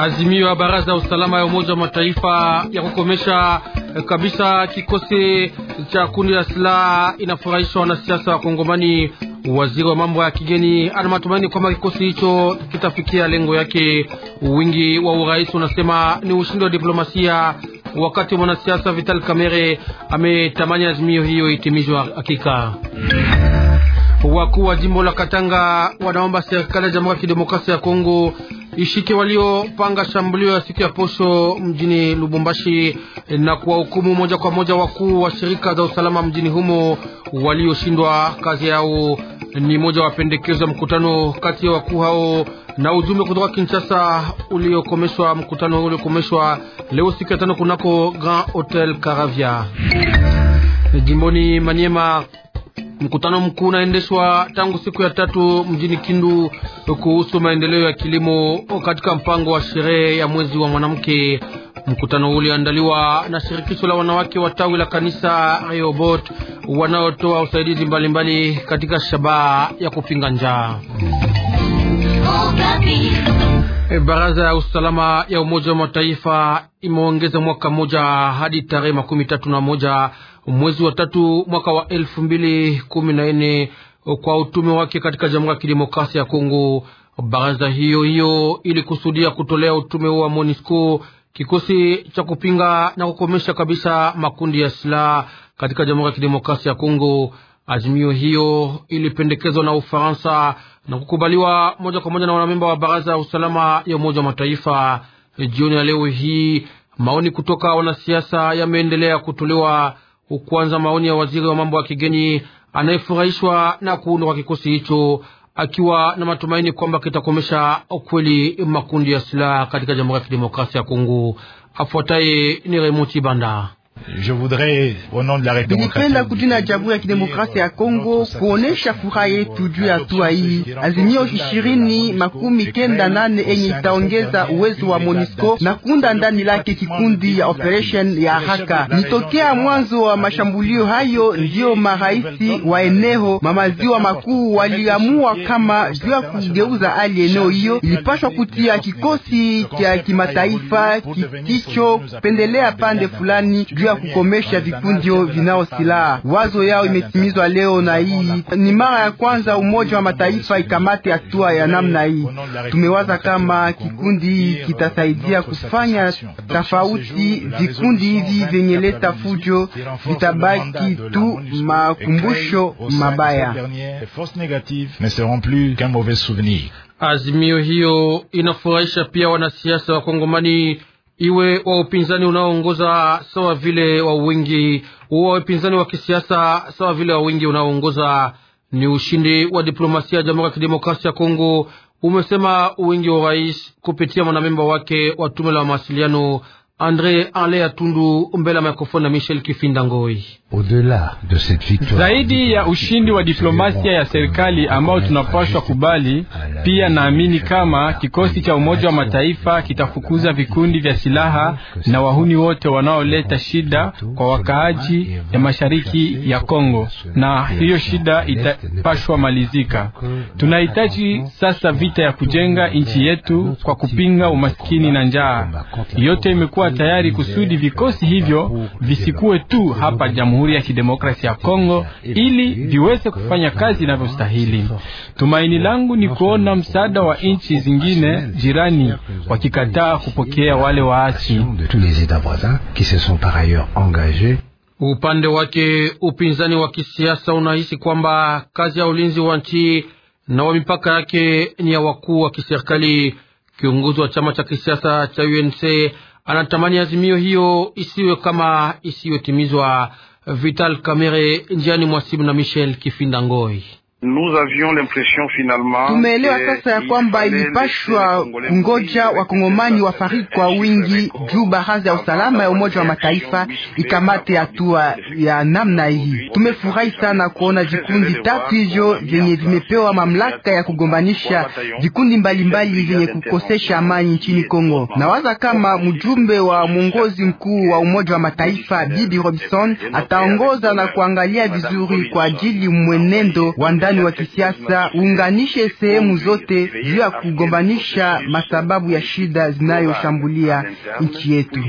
Azimio ya baraza ya usalama ya Umoja wa Mataifa ya kukomesha eh, kabisa kikosi cha kundi la silaha inafurahisha wanasiasa wa Kongomani. Waziri wa mambo ya kigeni ana matumaini kwamba kikosi hicho kitafikia lengo yake. Wingi wa urais unasema ni ushindi wa diplomasia wakati mwanasiasa Vital Kamerhe ametamani azimio hiyo itimizwe hakika. Wakuu wa jimbo la Katanga wanaomba serikali ya Jamhuri ya Kidemokrasia ya Kongo ishike waliopanga shambulio ya siku ya posho mjini Lubumbashi na kuwahukumu moja kwa moja wakuu wa shirika za usalama mjini humo walioshindwa kazi yao. Ni moja wa pendekezo ya mkutano kati ya wakuu hao na ujumbe kutoka Kinshasa uliokomeshwa mkutano uliokomeshwa leo siku ya tano kunako Grand Hotel caravia jimboni Manyema. Mkutano mkuu unaendeshwa tangu siku ya tatu mjini Kindu kuhusu maendeleo ya kilimo katika mpango wa sherehe ya mwezi wa mwanamke. Mkutano uliandaliwa na shirikisho la wanawake wa tawi la kanisa Reobot wanaotoa usaidizi mbalimbali mbali katika shabaha ya kupinga njaa. Baraza ya usalama ya Umoja wa Mataifa imeongeza mwaka mmoja hadi tarehe makumi tatu na moja mwezi wa tatu mwaka wa elfu mbili kumi na nne kwa utume wake katika Jamhuri ya Kidemokrasia ya Kongo. Baraza hiyo hiyo ilikusudia kutolea utume wa MONUSCO kikosi cha kupinga na kukomesha kabisa makundi ya silaha katika Jamhuri ya Kidemokrasia ya Kongo. Azimio hiyo ilipendekezwa na Ufaransa na kukubaliwa moja kwa moja na wanamemba wa baraza ya usalama ya Umoja wa Mataifa. Jioni ya leo hii maoni kutoka wanasiasa yameendelea kutolewa. Kwanza maoni ya waziri wa mambo ya kigeni anayefurahishwa na kuundwa kwa kikosi hicho, akiwa na matumaini kwamba kitakomesha kweli makundi ya silaha katika Jamhuri ya Kidemokrasia ya Kongo. Afuataye ni Remuti Banda. Nilipenda kujina ya Jamhuri ya Kidemokrasia ya Kongo kuonesha furaha yetu juu ya hatua hii. Azimio ishirini makumi kenda nane enye itaongeza uwezo wa MONUSCO na kunda ndani lake kikundi ya operation ya haraka. Nitokea mwanzo wa mashambulio hayo, ndiyo maraisi wa eneo mamaziwa makuu waliamua kama juu ya kugeuza hali eneo hiyo ilipashwa kutia kikosi cha kimataifa kisicho kupendelea pande fulani juu ya kukomesha vikundi vinao silaha. Wazo yao imetimizwa leo, na hii ni mara ya kwanza Umoja wa Mataifa ikamate hatua ya namna hii. Tumewaza kama kikundi hii kitasaidia kufanya tofauti. Vikundi hivi vyenye leta fujo vitabaki tu makumbusho mabaya. Azimio hiyo inafurahisha pia wanasiasa wa Kongomani iwe wa upinzani unaoongoza sawa vile wa wingi, wa upinzani wa kisiasa sawa vile wa wingi unaoongoza. Ni ushindi wa diplomasia ya Jamhuri ya Kidemokrasia ya Kongo, umesema wingi wa rais kupitia mwanamemba wake wa tume la mawasiliano Andre Alea Tundu mbele ya mikrofoni na Michel Kifinda Ngoi. Zaidi ya ushindi wa diplomasia ya serikali ambao tunapashwa kubali, pia naamini kama kikosi cha Umoja wa Mataifa kitafukuza vikundi vya silaha na wahuni wote wanaoleta shida kwa wakaaji ya mashariki ya Kongo, na hiyo shida itapashwa malizika. Euh, Tunahitaji sasa vita ya kujenga nchi yetu kwa kupinga umaskini na njaa. Yote imekuwa tayari kusudi vikosi hivyo visikuwe tu hapa Jamhuri ya Kidemokrasia ya Kongo, ili viweze kufanya kazi inavyostahili. Tumaini langu ni kuona msaada wa nchi zingine jirani wakikataa kupokea wale waasi. Upande wake upinzani wa kisiasa unahisi kwamba kazi ya ulinzi wa nchi na wa mipaka yake ni ya wakuu wa kiserikali. Kiongozi wa chama cha kisiasa cha UNC anatamani azimio hiyo isiwe kama isiyotimizwa. Vital camere njiani mwasimu na Michel Kifinda Ngoi. Tumeelewa sasa ya kwamba ilipashwa ngoja wakongomani wafariki kwa wingi juu baraza ya usalama ya Umoja wa Mataifa ikamate hatua ya namna hii. Tumefurahi sana kuona vikundi tatu hivyo vyenye vimepewa mamlaka ya kugombanisha vikundi mbalimbali vyenye kukosesha amani nchini Kongo. Nawaza kama mjumbe wa mwongozi mkuu wa Umoja wa Mataifa Bibi Robinson ataongoza na kuangalia vizuri kwa ajili mwenendo wa ushindani wa kisiasa uunganishe sehemu zote juu ya kugombanisha masababu ya shida zinayoshambulia nchi yetu.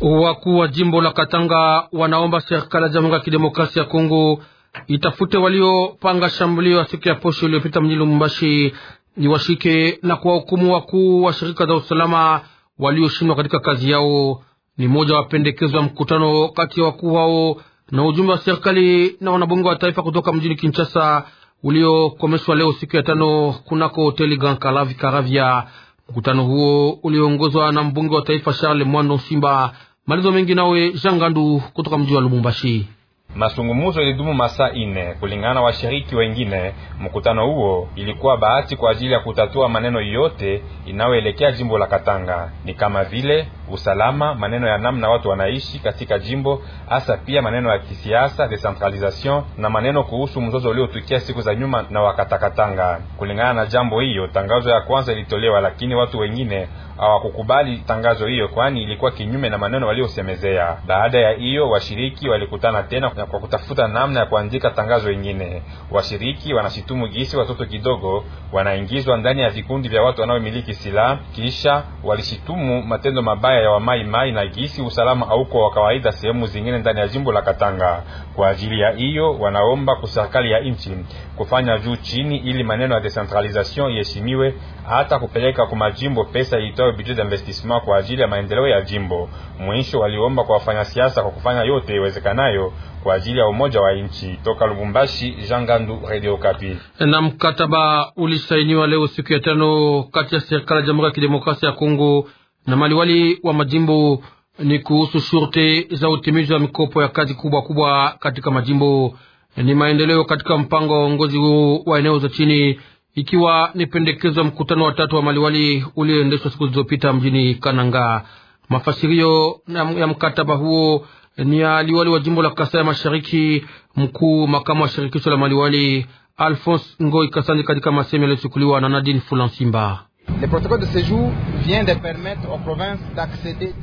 Wakuu wa jimbo la Katanga wanaomba serikali ya Jamhuri ya Kidemokrasia ya Kongo itafute waliopanga shambulio ya siku ya posho iliyopita mjini Lubumbashi ni washike na kuwahukumu wakuu wa shirika za usalama walioshindwa katika kazi yao. Ni moja pendekezo ya mkutano kati ya wakuu hao na ujumbe wa serikali na wanabunge wa taifa kutoka mjini Kinshasa uliokomeshwa leo siku ya tano kunako hoteli Grand Kalavi Karavia. Mkutano huo ulioongozwa na mbunge wa taifa Charles Mwando Simba. Malizo mengi nawe Jangandu kutoka mji wa Lubumbashi. Masungumuzo ilidumu masaa ine kulingana na washiriki wengine. Mkutano huo ilikuwa bahati kwa ajili ya kutatua maneno yote inayoelekea jimbo la Katanga, ni kama vile usalama, maneno ya namna watu wanaishi katika jimbo, hasa pia maneno ya kisiasa, decentralization na maneno kuhusu mzozo uliotukia siku za nyuma na wakatakatanga. Kulingana na jambo hiyo, tangazo ya kwanza ilitolewa, lakini watu wengine hawakukubali tangazo hiyo, kwani ilikuwa kinyume na maneno waliosemezea. Baada ya hiyo, washiriki walikutana tena kwa kutafuta namna ya kuandika tangazo ingine. Washiriki wanashitumu gisi watoto kidogo wanaingizwa ndani ya vikundi vya watu wanaomiliki silaha, kisha walishitumu matendo mabaya ya Wamai Mai na gisi usalama hauko wa kawaida sehemu zingine ndani ya jimbo la Katanga. Kwa ajili ya hiyo, wanaomba kuserikali ya nchi kufanya juu chini, ili maneno ya decentralization iheshimiwe, hata kupeleka kwa majimbo pesa iitwayo budget d'investissement kwa ajili ya maendeleo ya jimbo. Mwisho waliomba kwa siasa kwa kufanya yote iwezekanayo kwa ajili ya umoja wa nchi. Toka Lubumbashi, Jean Gandu, Radio Kapi. Na mkataba ulisainiwa leo siku ya tano kati ya serikali ya Jamhuri ya Kidemokrasia ya Kongo na maliwali wa majimbo ni kuhusu shurte za utimizi wa mikopo ya kazi kubwa kubwa katika majimbo. Ni maendeleo katika mpango wa uongozi huu wa eneo za chini, ikiwa ni pendekezo ya mkutano wa tatu wa maliwali ulioendeshwa siku zilizopita mjini Kananga. Mafasirio ya mkataba huo ni ya liwali wa jimbo la Kasai Mashariki, mkuu makamu wa shirikisho la maliwali Alphonse Ngoi Kasani, katika masemi yaliyochukuliwa na Nadine Fulansimba.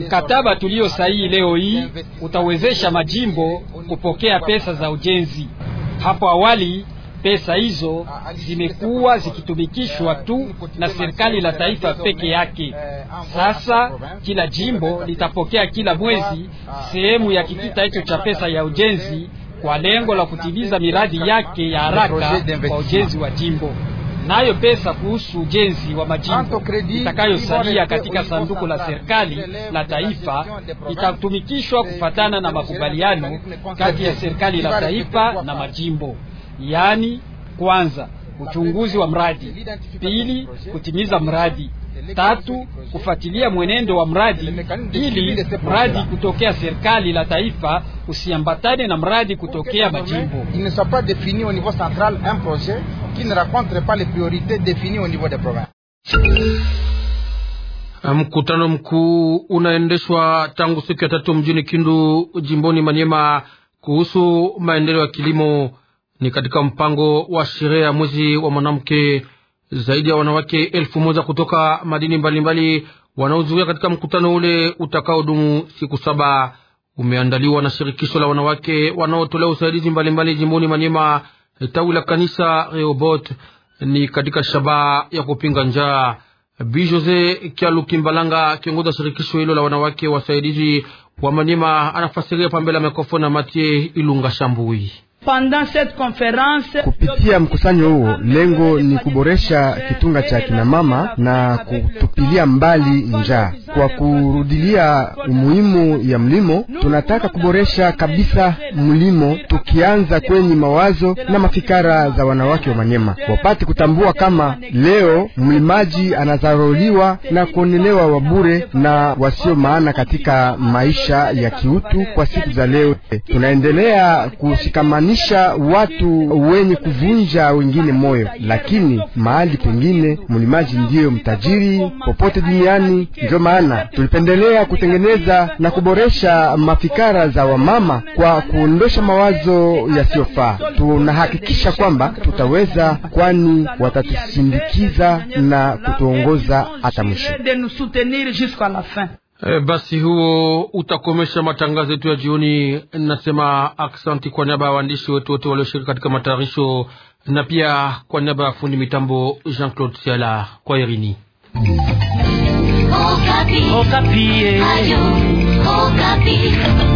Mkataba tulio sahihi leo hii utawezesha majimbo kupokea pesa za ujenzi. Hapo awali pesa hizo ah, zimekuwa zikitumikishwa tu na serikali la taifa peke yake. Eh, Sasa kila jimbo litapokea kila mwezi ah, sehemu ya kikita hicho cha pesa ya ujenzi kwa lengo la eh, kutimiza miradi yake ya haraka kwa ujenzi wa jimbo nayo pesa kuhusu ujenzi wa majimbo itakayosalia katika sanduku la serikali la taifa itatumikishwa eh, kufatana na makubaliano kati ya serikali la taifa na majimbo, yaani kwanza, uchunguzi wa mradi; pili, kutimiza mradi; tatu, kufuatilia mwenendo wa mradi ili mradi kutokea serikali la taifa usiambatane na mradi kutokea majimbo qui ne rencontre pas les priorités définies au niveau des provinces. Mkutano mkuu unaendeshwa tangu siku ya tatu mjini Kindu, jimboni Manyema, kuhusu maendeleo ya kilimo. Ni katika mpango wa sherehe ya mwezi wa mwanamke. Zaidi ya wanawake elfu moja kutoka madini mbalimbali wanaohudhuria katika mkutano ule utakaodumu siku saba. Umeandaliwa na shirikisho la wanawake wanaotolea usaidizi mbalimbali jimboni Manyema tawi la kanisa Reobot ni katika shabaha ya kupinga njaa. Bi Jose Kyalu-Kimbalanga, kiongozi wa shirikisho hilo la wanawake wasaidizi wa Manima, anafasiria pambele ya mikrofoni na Matie Ilunga Shambui. Kupitia mkusanyo huo, lengo ni kuboresha kitunga cha kinamama na kutupilia mbali njaa. Kwa kurudilia umuhimu ya mlimo, tunataka kuboresha kabisa mlimo, tukianza kwenye mawazo na mafikara za wanawake wa Manyema, wapate kutambua kama leo mlimaji anadharauliwa na kuonelewa wabure na wasio maana katika maisha ya kiutu. Kwa siku za leo tunaendelea kushikamana kupiganisha watu wenye kuvunja wengine moyo, lakini mahali pengine mlimaji ndiyo mtajiri popote duniani. Ndio maana tulipendelea kutengeneza na kuboresha mafikara za wamama kwa kuondosha mawazo yasiyofaa. Tunahakikisha kwamba tutaweza, kwani watatusindikiza na kutuongoza hata mwisho. E, basi huo utakomesha matangazo yetu ya jioni. Nasema aksanti kwa niaba ya waandishi wetu wote walioshiriki katika matayarisho na pia kwa niaba ya fundi mitambo Jean Claude Siala. Kwa herini. Okapi. Okapi. Ayu, Okapi.